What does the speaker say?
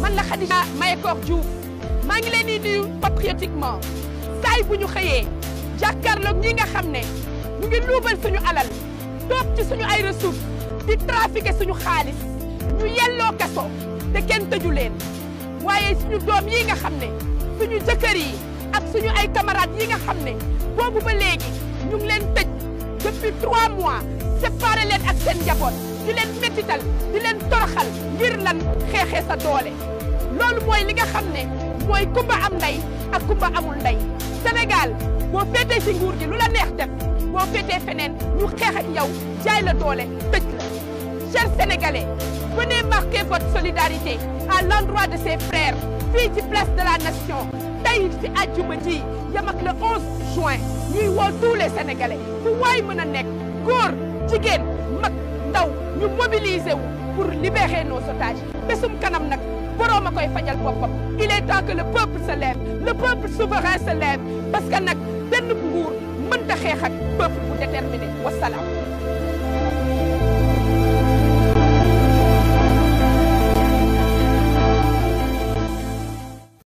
man la Khadija Mayakor Diouf maa ngi leen di nuyu patriotiquement saay bu ñu xëyee jàkkaarloog ñi nga xam ne ñu ngi luubal suñu alal toog ci suñu ay ressources di trafiquer suñu xaalis ñu yelloo kaso te kenn tëju leen waaye suñu doom yi nga xam ne suñu jëkkër yi ak suñu ay camarades yi nga xam ne boobu ba léegi ñu leen tëj depuis trois mois séparé leen ak seen njaboot di leen métital di leen toroxal ngir lan xeexee sa doole loolu mooy li nga xam ne mooy kumba am ndey ak kumba amul ndey Sénégal boo féetee ci nguur gi lu la neex def boo féetee feneen ñu xeex ak jaay la doole tëj la chers Sénégalais venez marquer votre solidarité à l'endroit de ses frères fii ci place de la nation tey ci àjjuma ji yam ak le juin ñuy woo tous les fu waay mën a nekk góor jigéen mag ndaw ñu mobiliser wu pour libérer nos bésum kanam nag boroom a koy fajal boppam il est temps que le peuple se lève parce que nag benn nguur mënta xeex ak peuple bu déterminé wasalaam